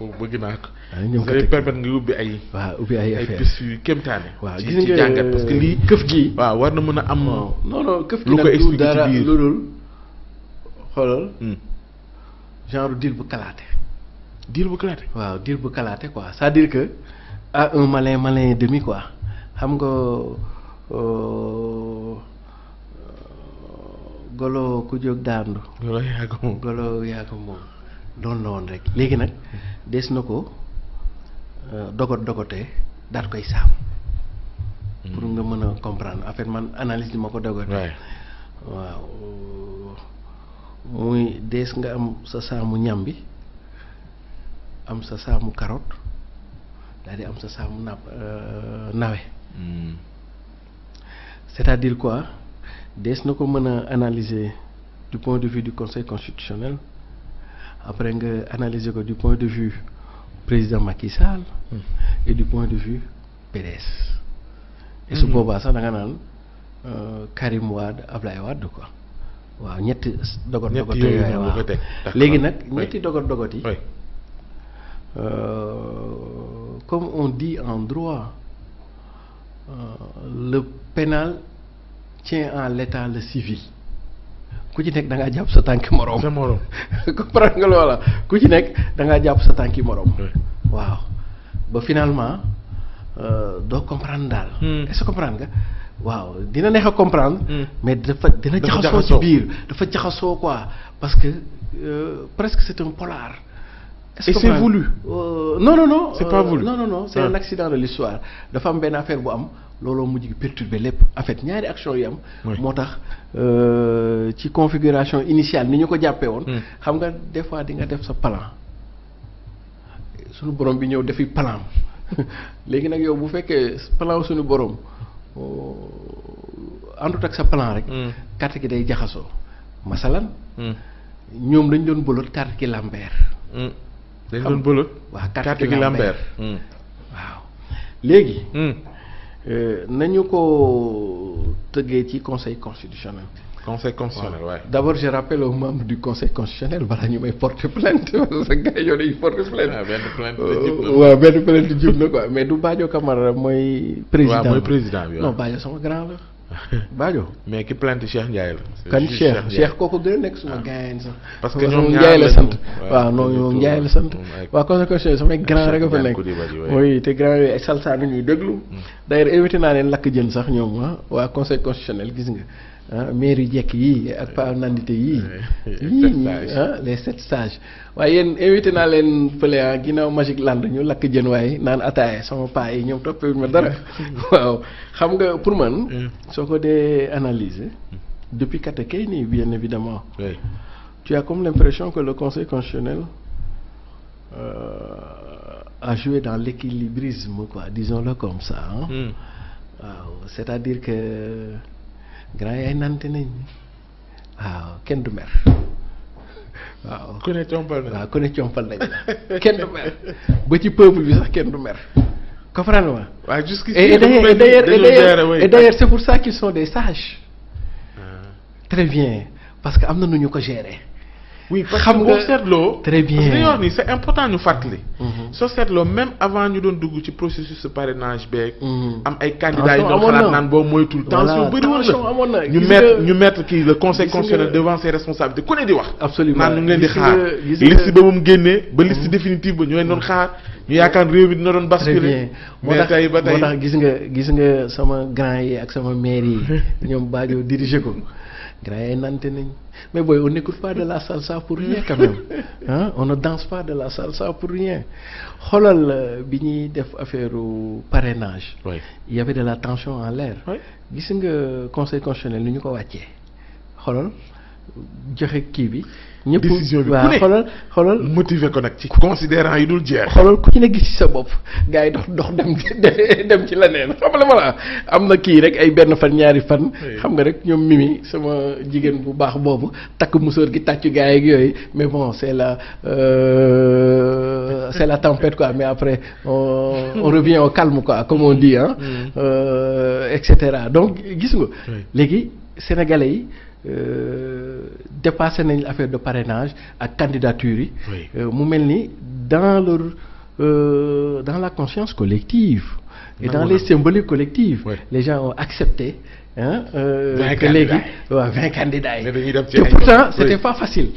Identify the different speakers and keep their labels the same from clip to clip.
Speaker 1: kooku bëgg naa ko. ñoom kat permettre nga ubbi ay. waaw ubbi ay affaire waaw gis nga ci jàngat parce que lii këf gi. waaw war na mën a am. non non lu
Speaker 2: dul xoolal. Hmm. genre deal bu kalaate. bu kalaate. waaw deal bu kalaate quoi c'est-à-dire xam nga euh, euh, golo ku jóg daandu. golo yaa ko moom. loolu la woon rek léegi nag des na ko euh, dogot dogotee daal koy saam. Hmm. pour nga mën a comprendre en fait man analyse bi ma ko dogotee. waaw muy dees nga am sa saamu ñambi am sa saamu carotte daal di am sa saamu napp euh, nawe. Hmm. c'est-à-dire quoi dees na ko mën a analyser du point de vue du conseil constitutionnel. après nga analyser ko du point de vue président Macky Sall. Hmm. et du point de vue PDS. et su hmm. boobaa sax da nga naan euh, Karim Wade Ablaye Wade quoi. waaw ñett dogot dogot léegi nag ñetti dogot dogot yi. Euh, comme on dit en droit euh, le pénal en l'état le civil. ku ci nekk dangaa jàpp sa tànki moroom sa moroom nga loola ku ci nekk dangaa jàpp sa tànki moroom waaw ba finalement euh, doo comprendre daal hmm. est-ce nga waaw dina neex a comprendre hmm. mais dafa dina jaxasoo ci biir dafa jaxasoo quoi parce que euh, presque c'est un polar et c'est euh, voulu non non non c'est pas ah. voulu non non non c'est accident de l'histoire dafa am benn affaire bu am looloo mujj gi perturbé lépp en fait ñaari action yi am. moo tax euh, ci configuration initiale ni ñu ko jàppee woon. Hmm. xam nga des fois di nga def sa palan suñu borom bi ñëw defi plan léegi nag yow bu fekkee plan suñu borom euh, àndut ak sa plan rek. Hmm. carte gi day jaxasoo masalan. Hmm. ñoom dañ doon bolot carte gi Lambert.
Speaker 1: dañ doon bolot. waaw carte gi Lambert waaw
Speaker 2: léegi. Euh, nañu ko tëggee ci conseil constitutionnel. conseil constitutionnel waaye. d' abord je rappelle aux membres du conseil constitutionnel balaa ñu may porter plainte parce euh, benn plainte jub na waaw mais du Badio Camara mooy. président waaw mooy président bi non Badio sama grand
Speaker 1: Badio mais ki plainte Cheikh Ndiaye la. kan Cheikh Cheikh
Speaker 2: kooku gën a nekk suma ah. gaayeen sax. parce que ñoom la sant waaw non ñoom Ndiaye la sant waaw conséquence samay grand rek a fa nekk oui te grand yooyu ay salsa bi ñuy déglu hmm. d'ailleurs évité naa leen lakk jën sax ñoom ah waa conseil constitutionnel gis nga ah mairie jekk yii ak pa nandité yii yii ah les sept waaye yéen invité naa leen fële ah, ginnaaw Magic Land ñu lakk jën waaye naan ataaya sama paa yi ñoom toppewuñ ma dara waaw xam nga pour man soo ko dee analyser depuis Katakayne bien évidemment tu as comme l'impression que le conseil constitutionnel euh, a joué dans l'équilibrisme quoi disons-le comme ça ah waaw c'est-à-dire que grand yaay nante nañ waaw kenn du mer waaw ku compal waaw ku compal nañ kenn du mer ba ci peuple bi sax kenn du mer comprendre ma waaw jusqu'ici et d'ailleurs et d'ailleurs c'est pour ça qu'ils sont des sages ah. très bien parce que am
Speaker 1: na nu ñu ko gérer oui parce que boo seetloo. très bien parce c'est important ñu fàttali. Mm-hmm. soo seetloo même avant ñu doon dugg ci processus de parrainage beeg. Mm-hmm. am ay candidats yu doon xalaat naan boobu mooy tout tension bëri woon na ñu mettre ñu mettre kii le conseil constitutionnel di wax. absolument naan ñu ngi leen di xaar liste ba mu génnee ba liste mm-hmm. définitive ba ñu leen doon xaar ñu yaakaar réew mi dina doon basculer. moo tax gis nga gis nga sama
Speaker 2: grand yi ak sama maire yi ñoom Badio dirigé ko. grand yaay nante nañ mais booy on n'écoute pas de la salsa pour rien quand ah on ne danse pas de la salsa pour rien xoolal euh, bi ñuy def affaire parrainage. oui il y avait de la tension en l'air. gis nga conseil constitutionnel ni ñu ko wàccee xoolal. joxe kii bi. ñëpp décision bi waaw xoolal ko nag ci considérant yi dul jeex. xoolal ku ci ne gis ci sa bopp gars yi dox dox dem dem ci leneen xam nga voilà am na kii rek ay benn fan ñaari fan. xam nga rek ñoom mimi sama jigéen bu baax boobu takk musóor gi tàccu gars yeeg yooyu mais bon c'est la euh, c'est la tempête quoi mais après on, on revient au calme quoi comme on euh, donc gis nga. léegi sénégalais yi. Euh, dépassé nañ affaire de parrainage ak candidature yi. Euh, mu mel ni dans leur euh, dans la conscience collective. et dans les symboliques collectives. Oui. les gens ont accepté. Hein, euh, que léegi waaw vingt candidats yi. te pourtant c'était pas facile.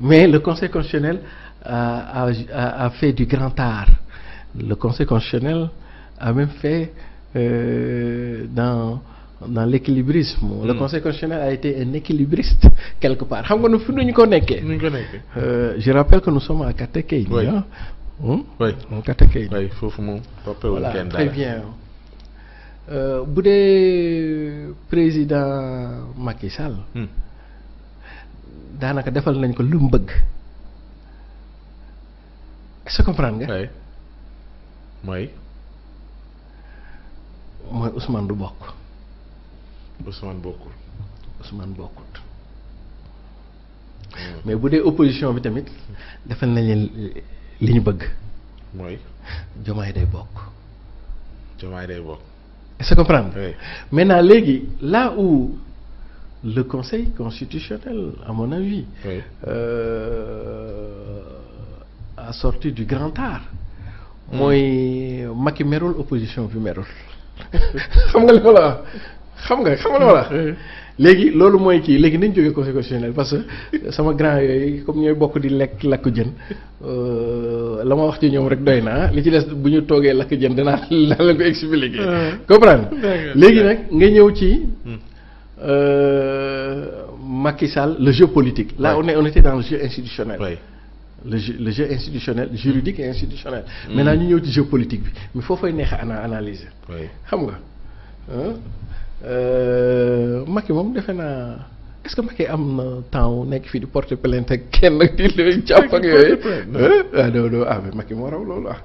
Speaker 2: mais le conseil constitutionnel a, a, a fait du grand art le conseil constitutionnel a même fait dans. dans l'équilibrisme mmh. le hmm. conseil constitutionnel a été un équilibriste quelque part xam nga nu fi nuñ ñu nekkee nuñ ko nekkee euh, je rappelle que nous sommes à Katekei oui. Hmm?
Speaker 1: oui Katekei oui foofu moom toppewul kenn dara voilà très bien
Speaker 2: euh, bu dee président Macky Sall hmm. daanaka defal nañ ko lu mu bëgg est-ce nga mooy mooy Ousmane du bokk Ousmane bokkul. Ousmane bokkul mais bu dee opposition bi tamit defal nañ leen li ñu bëgg. mooy. Jomaay day bokk. Jomaay day bokk. est-ce que comprendre maintenant léegi là ou le conseil constitutionnel à mon avis. Oui. Euh, a sorti du grand art. Hmm. mooy Macky merul opposition bi merul. xam nga li ma xam nga xam nga loola léegi loolu mooy ci léegi nañ jógee conseil constitutionnel parce que sama grand yooyu comme ñooy bokk di lekk lakk jën euh, la ma wax ci ñoom rek doy naa li ci des bu ñu toogee lakk jën danaa danaa la ko expliquer. Ah. comprendre léegi nag nga ñëw ci. Hmm. Euh, Macky Sall le jeu politique. la on est on était dans le jeu institutionnel. le jeu le institutionnel juridique et institutionnel. Hmm. maintenant ñu ñëw ci jeu politique bi mais foo fay neex a xam nga. Euh, Macky moom defe naa est-ce que Macky am na temps nekk fii di porter plainte ak kenn di leen jàpp ak yooyu. ah doo doo ah mais Macky moo raw loolu ah.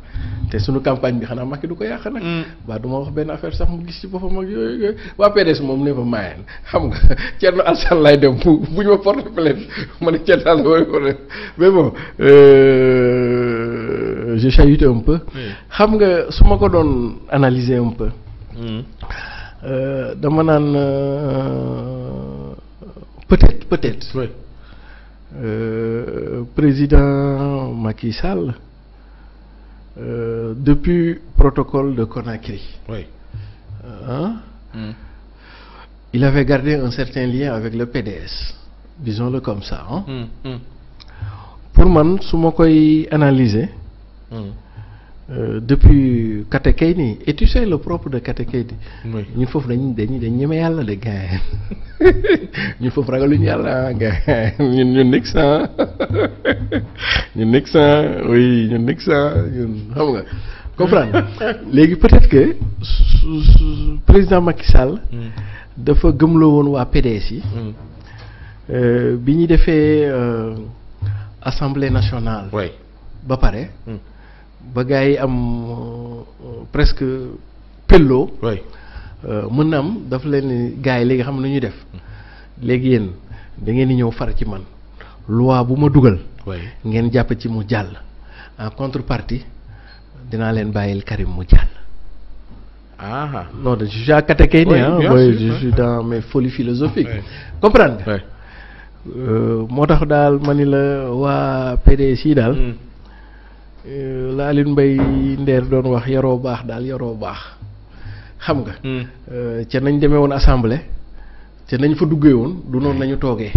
Speaker 2: te suñu campagne bi xanaa Macky du ko yàq nag. waa mm. du ma wax benn affaire sax mu gis ci boppam ak yooyu yooyu waa PDS moom ne fa maayal xam nga Thierno Alassane laay dem bu bu ñu ma porter plainte ma ne Thierno Alassane laay mais bon. Euh, j'ai chahuté un xam nga su ma ko doon analyser un peu. Mm. Euh, dama naan euh, peut-être peut-être. Oui. Euh, président Macky Sall euh, depuis protocole de Conakry. Oui. Euh, hein? Hmm. Il avait gardé un certain lien avec le PDS disons-le comme ça. Hein? Hmm, hmm. Pour man su ma koy analyser. Euh, depuis Kate Kayni et tu le propre de Kate Kayni. oui ñun foofu dañuy dañuy dañ ñeme yàlla de gaay ñun foofu ragaluñu yàlla gaay ñun ñu nekk sa ñun nekk ah. sa ah. oui ñun nekk sa ah. ñun xam nga comprendre léegi peut-être que
Speaker 1: su, su,
Speaker 2: président Macky Sall. Hmm. dafa woon waa PDS yi. Hmm. Euh, bi ñu defee euh, assemblée nationale. Oui. ba pare. Hmm. ba gars yi am euh, presque pelloo. Euh, mën na am daf leen ni gars yi léegi xam na def léegi yéen dangeen di ñëw far ci man loi bu ma dugal. ngeen jàpp ci mu jàll. en contrepartie dinaa leen bàyyil Karim mu jàll. ah non de je suis à catéchénien oui, euh, moo tax daal ma ni la waa PDS yi daal. Hmm. Euh, la Alioune Mbaye Nder doon wax yaroo baax daal yaroo baax xam nga. Hmm. Euh, ca nañ demee woon assemblée ca nañ fa duggee woon du noonu hmm. lañu toogee.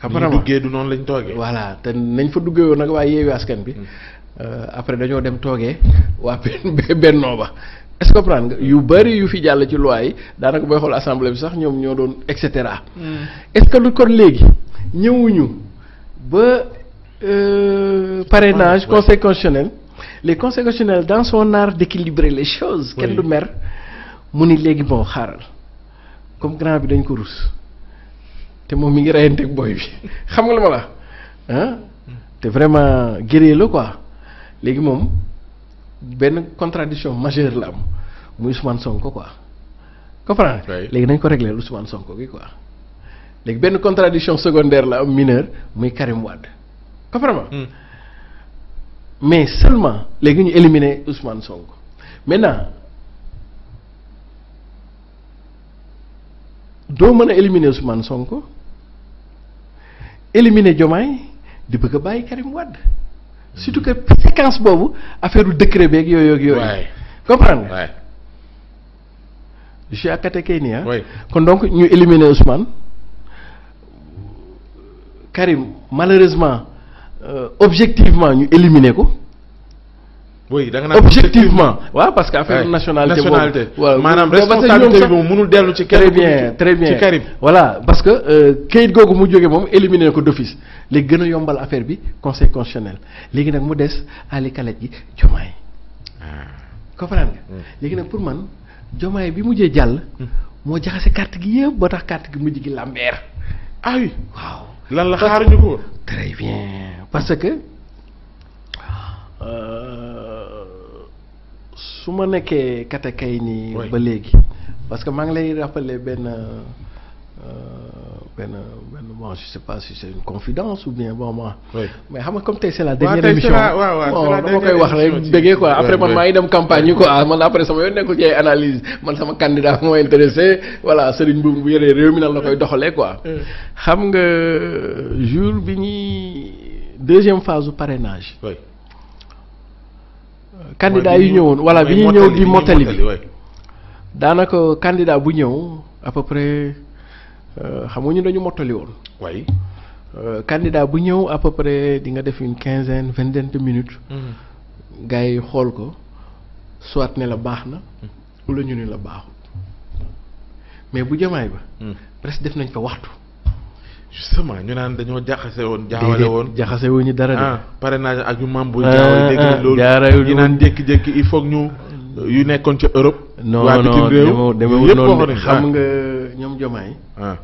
Speaker 2: xam nga duggee noonu lañ toogee. voilà te nañ fa duggee woon nag waaye yeewi askan bi hmm. euh, après dañoo dem toogee waa bennoo ba. est-ce nga yu bari yu fi jàll ci loi yi daanaka booy xool assemblée bi sax ñoom ñoo doon et cetera. est léegi ñëwuñu ba. euh, parrainage ouais, conseil constitutionnel les conseils constitutionnels dans son art d'équilibrer les choses kenn du mer mu ni léegi bon xaaral comme grand bi dañ ko rus te moom mi ngi reyanteeg booy bi xam nga lu ma la ah te vraiment guerrier la quoi léegi moom benn contradiction majeure la am muy Ousmane Sonko quoi comprendre léegi nañ ko régler Ousmane Sonko bi quoi léegi benn contradiction secondaire la am mineure muy Karim Wade comprends hmm. mais seulement léegi ñu éliminer Ousmane Sonko maintenant doo mën a éliminer Ousmane Sonko éliminer Diomaye di bëgg a bàyyi Karim Wade hmm. surtout que séquence boobu affaire u décret beeg yooyu ak yooyu. waay comprendre nga. waay je suis à Katekenia. kon donc ñu éliminé Ousmane Karim malheureusement. Euh, objectivement ñu éliminer ko.
Speaker 1: oui da nga naan objectivement waaw parce que affaire nationalité boobu maanaam responsabilité bi moom mënul dellu ci très bien très bien ci Karim parce que euh, kayit googu
Speaker 2: mu jógee moom éliminer ko d'office léegi gën a yombal affaire bi conseil léegi nag mu des Ali Kalet gi Jomaay. Ah. comprendre nga. Mm. léegi nag pour man Jomaay bi mujjee jàll. Mm. moo jaxase carte gi yëpp ba tax carte gi mujj gi làmbeer. ah oui waaw
Speaker 1: lan la xaaruñu ko. très
Speaker 2: bien. parce que euh, su ma nekkee katakay nii. ba léegi parce que maa ngi lay rappeler benn euh, benn benn bon je sais pas si c'est une confidence ou bien bon moi. Oui. xam nga comme tey c'est la dernière ouais, émission waaw waaw dama koy wax rek déggee quoi après man maa ngi dem campagne ko quoi man après sama yoon nekkul ci ay analyse man sama candidat moo intéressé voilà Serigne Mboum bu yoree réew mi nan la koy doxalee quoi. Mm. xam nga jour bi ñuy. deuxième phase du parrainage. oui.
Speaker 1: Euh, candidat yu ñëwoon voilà bi ñëw di mottali bi
Speaker 2: daanaka candidat bu ñëw à peu euh, xam nga ñu dañu mottali woon. waaye. Euh, candidat bu ñëw à peu près di nga def une quinzaine vingtaine de minutes. Mm-hmm. gars yi xool ko soit ne la baax na. Mm. wala ñu ne la
Speaker 1: baaxul mais bu jamaay ba. Mm. presque def nañ fa waxtu. justement ñu naan dañoo jaxase woon. jaawale woon jaxase wu ñu dara de. ah parrainage ak ñu membre. Ah, jaawale ah, jaarale ñu naan jékki-jékki il faut ñu. yu nekkoon ci Europe. waa noonu ah. nga
Speaker 2: ñoom jomaay.
Speaker 1: ah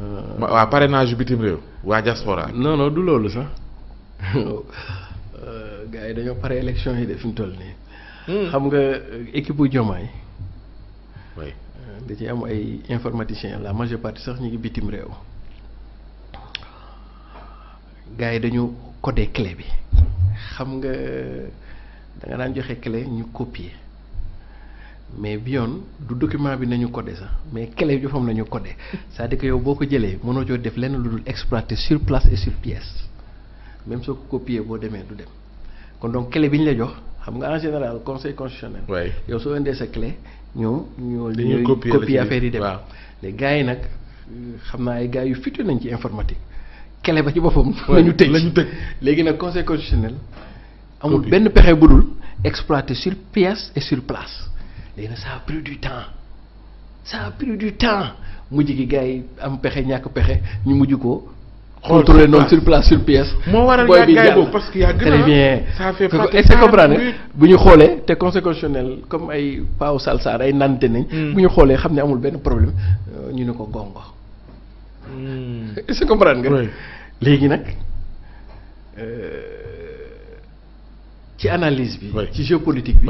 Speaker 1: euh, waaw parrainage réew waa diaspora. non non du loolu sax
Speaker 2: gars yi dañoo pare élection yi de fi mu toll nii. Hmm. xam nga euh, équipe bu jomaay. Euh, da ci am ay informaticiens la majeure partie sax ñu ngi bitim réew. gars yi dañu codé clé bi xam nga da nga daan joxe clé ñu copier mais bi yoon du document bi nañu codé sax mais clé bi fam nañu codé c'est-à-dire yow boo ko jëlee mënoo joo def lenn lu dul exploiter sur place et sur pièce même soo ko copier boo demee du dem kon donc clé bi ñu la jox xam nga en général conseil constitutionnel. waay yow soo indee sa clé ñoom. ñoo dañuy copier affaire yi dem waaw. les gars yi nag xam naa ay gars yu fitu nañ ci informatique. kele ba ci boppam. la ñu tëj la ñu tëj léegi nag conseil constitutionnel. amul benn pexe bu dul exploité sur pièce et sur place léegi nag a pris du temps ça a pris du temps gi gars yi am pexe ñàkk pexe ñu mujj ko.
Speaker 1: contrôler noonu sur
Speaker 2: place sur pièce. moo waral yàggaay parce que yàgg na bien ça fait est comprendre bu ñu xoolee te conseil comme ay paaw salsaar ay nante nañ. Hmm. bu ñu xoolee xam ne amul benn problème euh, ñu ni ko gongo. Hmm. est-ce léegi nag euh, ci analyse bi. ci géopolitique bi.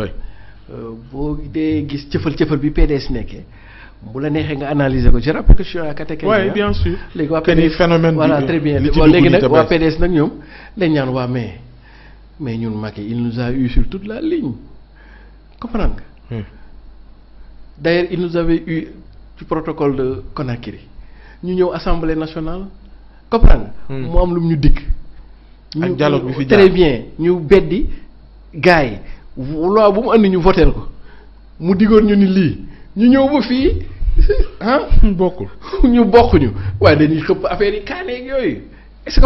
Speaker 2: Euh, boo dee gis cëfal cëfal bi PDS nekke bu la neexee nga analyser ko je rappelle que a suis à Katekeng. oui bien sûr léegi waa PDS phénomène voilà très nag waa PDS nag ñoom dañ ñaan waa mais mais ñun Macky il nous a eu sur toute la ligne comprendre nga. d' il nous avait eu ci protocole de Conakry. ñu ñëw assemblée nationale comprendre nga hmm. mu am lu ñu dikk ak dialogue bi fi très bien ñu beddi gars yi loi bu mu andi ñu voteel ko mu digoon ñu ni lii ñu ñëw ba fii ah bokkul ñu bokk ñu waaye dañuy xëpp affaire
Speaker 1: yi kaaneeg yooyu est-ce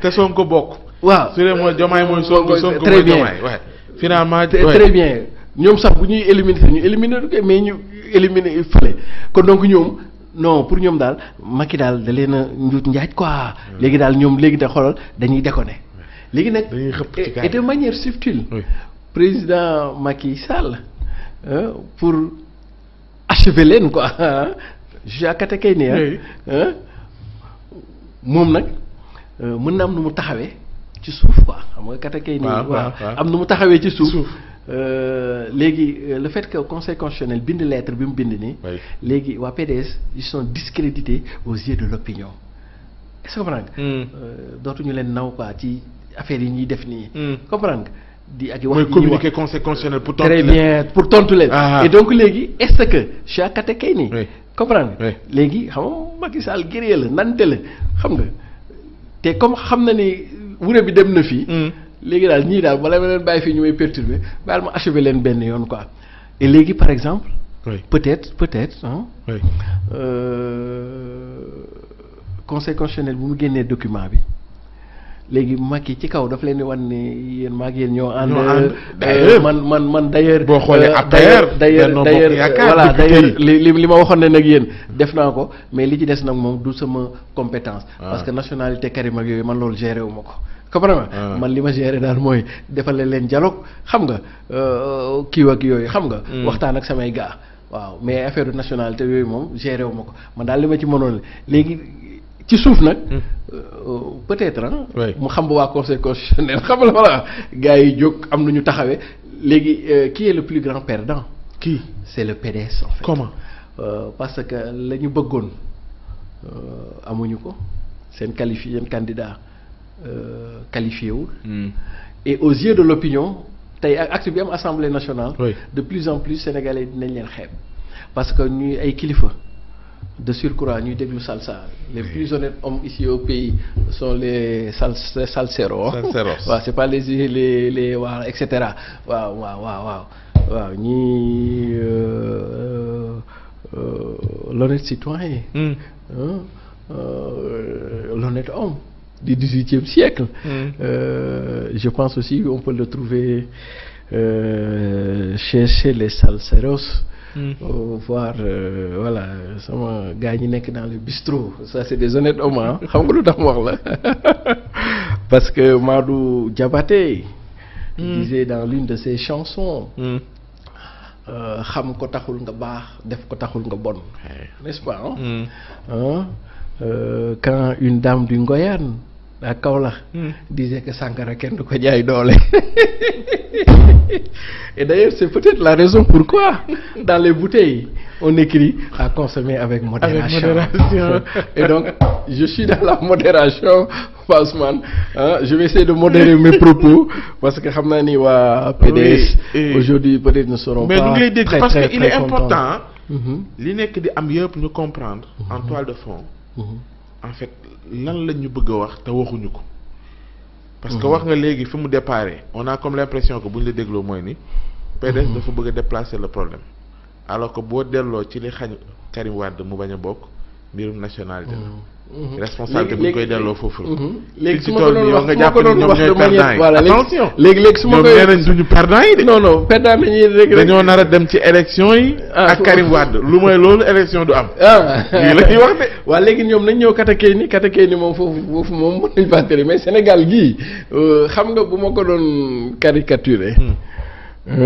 Speaker 1: te Sonko bokk waaw su dee mooy Diomaye mooy Sonko Sonko mooy Diomaye waaye finalement très bien ñoom sax bu ñuy éliminer ñu éliminer mais ñu
Speaker 2: éliminer fële kon donc ñoom non pour ñoom daal Macky daal da leen njuut njaaj quoi. léegi daal ñoom léegi da xoolal dañuy ne léegi nag et de manière subtile. président Macky Sall euh, pour achever leen quoi jacata kay ne moom nag euh, mën na am nu mu taxawee ci suuf quoi xam nga katakay nii am nu mu taxawee ci suuf Euh, léegi euh, le fait que conseil constitutionnel bind lettre bi mu bind nii. léegi waa PDS ils sont discrédités aux yeux de l'opinion est-ce que comprendre nga. Hmm. Euh, dootuñu leen naw quoi ci affaire yi ñuy def nii. Hmm. comprendre nga di ak wax. mooy communiqué conseil constitutionnel pour tontu bien pour tontu leen. Ah, ah. et donc léegi est-ce que je suis à Kate kay nii. comprendre nga léegi xam nga Macky la nante la xam nga te comme xam na ni wure bi dem na fii. Hmm. léegi daal ñii daal bala ma leen bàyyi fii ñu may perturber baal ma achever leen benn yoon quoi et léegi par exemple. oui peut-être peut-être ah. bu mu génnee document bi. léegi mag yi ci kaw daf leen di wan ne yéen maag yéen ñoo ànd euh, man man man d'ailleurs boo xoolee euh, APR d'ailleurs d'ailleurs voilà d'ailleurs li li ma waxoon ne nag yéen def naa ko mais li ci des nag moom du sama compétence ah. parce que nationalité Karim ak yooyu man loolu géré wu ko comprends ah. man li ma géré daal mooy defale leen dialogue xam nga euh, kii ak yooyu xam nga. Hmm. waxtaan ak samay gars. waaw mais affaire nationalité yooyu moom géré wu ko man daal li ma ci mënoon léegi ci suuf nag. Hmm. Euh, peut-être mu xam ba waa conseil constitutionnel xam la wala gars yi jóg am na ñu taxawee léegi euh, qui est le plus grand perdant. le PDS. en fait comment parce que la ñu bëggoon amuñu ko seen qualifié candidat. Euh, qualifié wu. Hmm. et aux yeux de l'opinion tey acte bi am assemblée nationale. de plus en plus sénégalais dinañ leen xeeb parce que ñuy ay kilifa. de surcroît ñuy déglu salsa les plus honnêtes hommes ici au pays sont les sal salseros waaw c'est pas les les les waaw et cetera waaw waaw waaw ñii euh, euh, l'honnête citoyen hmm. l'honnête homme du XVIIIe siècle. Mm. Euh, je pense aussi qu'on peut le trouver euh, chez, chez les salseros. Mm. voir euh, voilà sama gars ñi nekk dans les bistrot ça c'est des honnêtes hommes xam nga lu tax wax la parce que Madou du jabate mm. disait dans l'une de ses chansons mm. euh, xam ko taxul nga baax def ko taxul nga bon n'est-ce pas mm. euh, quand une dame du Ngoyane à Kaolack. Hmm. disait que Sankara kenn du ko jaay doole. et d'ailleurs c'est peut-être la raison pourquoi dans les bouteilles on écrit à consommer avec modération. avec donc je suis dans la modération Passeman je vais essayer de modérer mes propos parce que xam naa ni waa PDS. aujourd'hui peut-être ne seront mais pas. mais très parce que il est important.
Speaker 1: Mm-hmm. li nekk di am yëpp ñu comprendre. en mm-hmm. toile de fond. Mm-hmm. en fait lan la ñu bëgg a wax te waxuñu ko. parce que mhm. wax nga léegi fi mu déparé on a comme l'impression que bu ñu la dégloo mooy ni. PDS mhm. dafa bëgg a déplacer le problème. alors que boo delloo ci li xañ Karim Wade mu bañ a bokk mbirum nationalité la. Mhm. Mhm. responsabilité bu ñu koy delloo foofu la. Mhm. léegi su ma ko doon wax nga jàpp ne ñoom ñooy perdant yi voilà léegi léegi su ma koy ñoom nee nañ duñu dañoo nar a dem ci élection yi. Ah. ak Karim Wade lu mooy loolu élection du am. ah wax de. waaw léegi ñoom nañ ñëw katakee ni katakee
Speaker 2: ni moom foofu foofu moom mën nañu faa tere Sénégal gii euh, xam nga bu ma ko doon caricaturer. Hmm.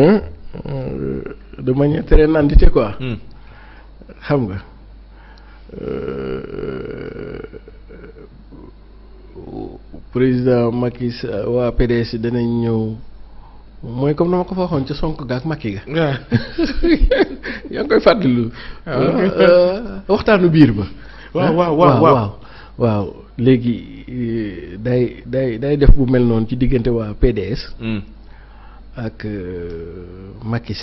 Speaker 2: Euh, de manière très nandite quoi. Hmm. xam nga. Euh, président Macky waa PDS danañ ñëw mooy comme na ko fa waxoon ca Sonko ga ak Macky ga.
Speaker 1: waaw
Speaker 2: ah. koy fàttaliwu. Ah. Ah, euh, waxtaanu biir ba. waaw waaw waaw waaw léegi euh, day day day def bu mel noonu ci diggante waa PDS. Hmm. ak Macky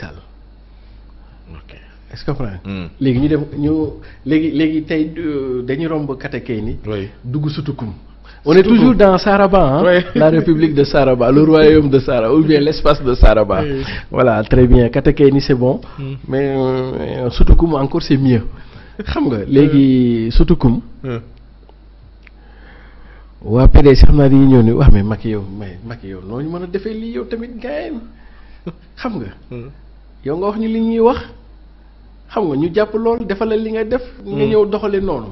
Speaker 2: est hmm. léegi ñu dem ñu léegi léegi tey euh, dañu romb katakay ni dugg sutukum on est toujours dans Saraba hein la république de Saraba le royaume de Saraba ou bien l'espace de Saraba voilà très bien katakay ni c'est bon hmm. mais euh, sutukum encore c'est mieux xam nga léegi hmm. sutukum waa PDS sax naa dañuy ñëw ne wax mais Macky yow mais Macky yow noo mën a defee lii yow tamit gaayeen xam nga yow nga wax ñu li ñuy wax xam nga ñu jàpp loolu defal la li nga def. Mm. nga ñëw doxalee noonu.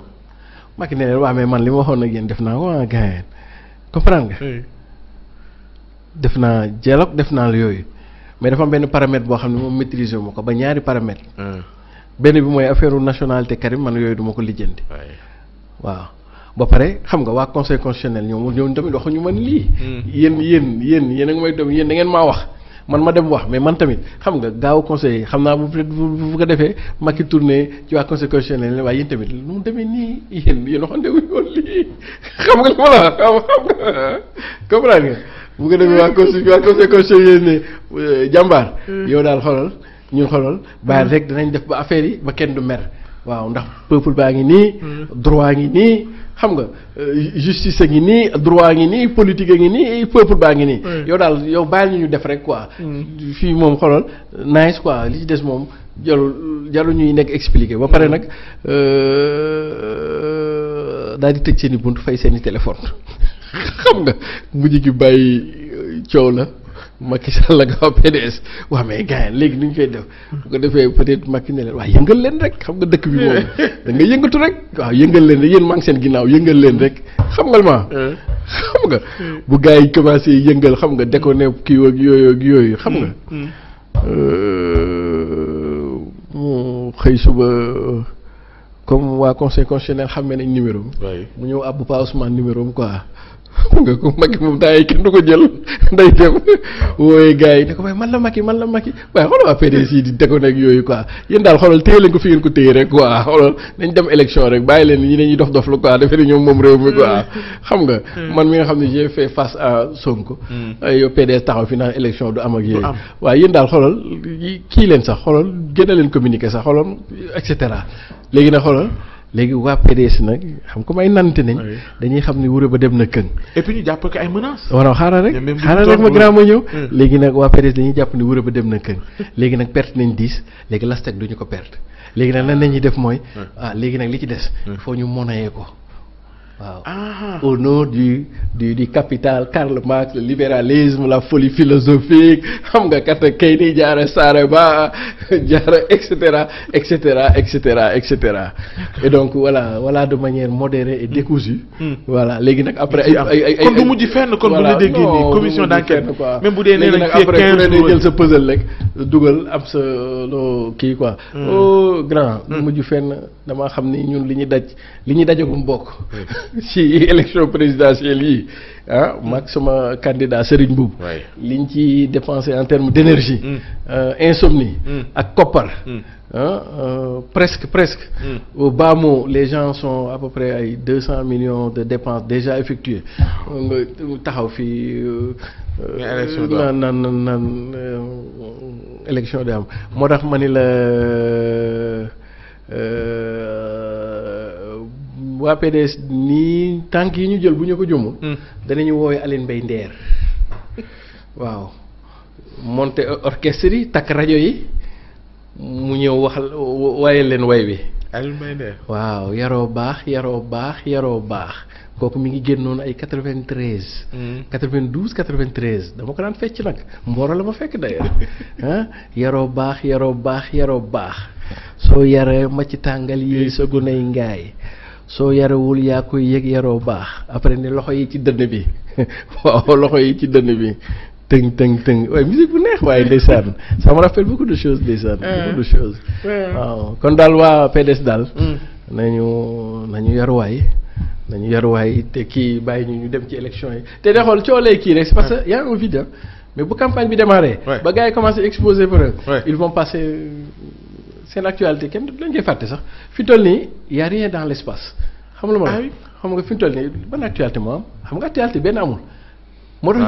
Speaker 2: Macky ne leen waa mais man li ma waxoon na yéen def naa ko ah gars nga. def naa dialogue def naa la yooyu mais dafa am benn paramètre boo xam ne moom maîtriser wu ma ko ba ñaari paramètre ah. benn bi mooy affaire nationalité Karim man yooyu duma ko lijjanti. waaw ba pare xam nga waa conseil constitutionnel ñoom ñoom tamit ñu man lii. Mm. yéen yéen yéen yéen a ngi may dem yéen da ngeen maa wax. man ma dem wax mais man tamit xam nga gaaw conseil xam naa bu bu ko defee Macky tourné ci waa conseil constitutionnel ne waaye yéen tamit lu mu demee nii yéen yéen waxante wuñ woon lii xam nga la xam nga comprendre nga bu ko defee waa conseil waa conseil constitutionnel ne euh, jàmbaar hmm. yow daal xoolal ñun xoolal bàyyi hmm. rek danañ def ba affaire yi ba kenn du mer waaw ndax peuple baa ngi nii. Hmm. droit ngi nii xam nga euh, justice ngi nii droit ngi nii politique ngi nii peuple baa ngi nii. Hmm. yow daal yow bàyyi ñu ñu def rek quoi. Hmm. fii moom xoolal nice quoi li ci des moom jarul jarul ñuy nekk expliqué ba pare nag euh, daal di tëj seen i bunt fay seen i téléphone xam nga mujj gi bàyyi euh, coow la. Macky Sall ak waa PDS waaw mais gars yi léegi nu ñu koy def bu ko defee peut-être Macky ne leen waaw yëngal leen rek xam nga dëkk bi moom da nga yëngatu rek waaw yëngal leen rek yéen maa seen ginnaaw yëngal leen rek xam nga ma xam nga hmm. bu gars yi commencé yëngal xam nga de ko ne kii ak yooyu yooyu xam nga mu hmm. hmm. euh, xëy suba comme waa conseil constitutionnel xam ne nañ numéro mu ñëw àbb pas Ousmane numéro quoi xam nga ko Macky moom daa yi kenn du ko jël nday dem wooyee gars yi ne ko waaye man la yi man la Macky waaye xoolal waa PDS yi di deko nekk yooyu quoi yéen daal xoolal téye ko fi ngeen ko téye rek quoi xoolal nañ dem élection rek bàyyi leen ñi dañuy dof dof lu quoi defee ni ñoom moom réew mi quoi xam nga hmm. man mi nga xam ne j'ai fait face à Sonko hmm. yow PDS taxaw fi naan élection du am ak yooyu waaye yéen daal xoolal kii leen sax xoolal gën leen communiquer sax xoolal et cetera léegi nag xoolal léegi waa PDS nag xam comme ay nante nañ. dañuy xam ni wure ba dem na këng.
Speaker 1: et puis jàpp ko ay menaces. waaw xaaral rek xaaral rek ma grand ma ñëw. Hmm.
Speaker 2: léegi nag waa PDS dañuy jàpp ni wure ba dem na këng. léegi nag perte nañ diis léegi Lastec du ñu ko perte léegi nag lan nañ ñuy def mooy. Hmm. ah léegi nag li ci des. Hmm. il faut ñu monnayer ko. waaw
Speaker 1: ah. au
Speaker 2: nom du du du capital Karl Marx le libéralisme la folie philosophique xam nga kat kay ni jaare saare ba jaare et cetera et cetera et cetera et cetera donc wala voilà de manière modérée et décousue. Hmm. voilà léegi nag après ay ay ay kon du mujj fenn kon bu ñu déggee nii commission d'enquête même bu dee nee nañ fii après sa puzzle rek dugal am sa loo euh, kii quoi. Hmm. oh grand. du hmm. mujj fenn damaa xam ni ñun li ñu daj li ñu dajagum bokk. si élection présidentielle yi ah maag sama candidat Serigne Mboub liñ ci dépensé en terme d'énergie mm. euh, insomnie mm. ak koppar mm. ah, euh, presque presque au bas mot les gens sont près ay deux cent millions de dépenses déjà effectuées mu taxaw fii euh, naan naan naan naan élection di am moo tax ma ni la waa PDS nii tànk yi ñu jël bu ñu ko jëmul. Hmm. danañu woowee aleen Mbaye Nder waaw moonte orchestre takk rajo yi mu ñëw wax waaye leen way wi. Aline Mbaye Nder waaw yaroo baax yaroo baax yaroo baax kooku mu ngi génnoon ay 93. 92 93 dama ko daan fecc nag mbooro la ma fekk d'ailleurs ah yaroo baax yaroo baax yaroo baax soo yaree ma ci tàngal yi sa gunóor ngaay. soo yarewul yaa koy yëg yaroo baax après ni loxo yi ci dënn bi waaw loxo yi ci dënn bi tëng tëng tëng waaye musique bu neex waaye ndeysaan ça me rappelle beaucoup de choses ndeysaan ah. beaucoup de choses waaw kon daal waa PDS daal mm. nañu nañu yaruwaay nañu yaruwaay te kii bàyyi ñu ñu dem ci élection yi te de xool coolee kii rek c'est parce que ah. y a un vide mais bu campagne bi démarré ba gars yi commencé exposer preuve ils vont passer seen actualité kenn dañ koy fàtte sax fi toll nii y a rien dans l' espace. xam nga lu ma la ah xam nga fi mu toll nii ban actualité moo am xam nga actualité benn amul. moo tax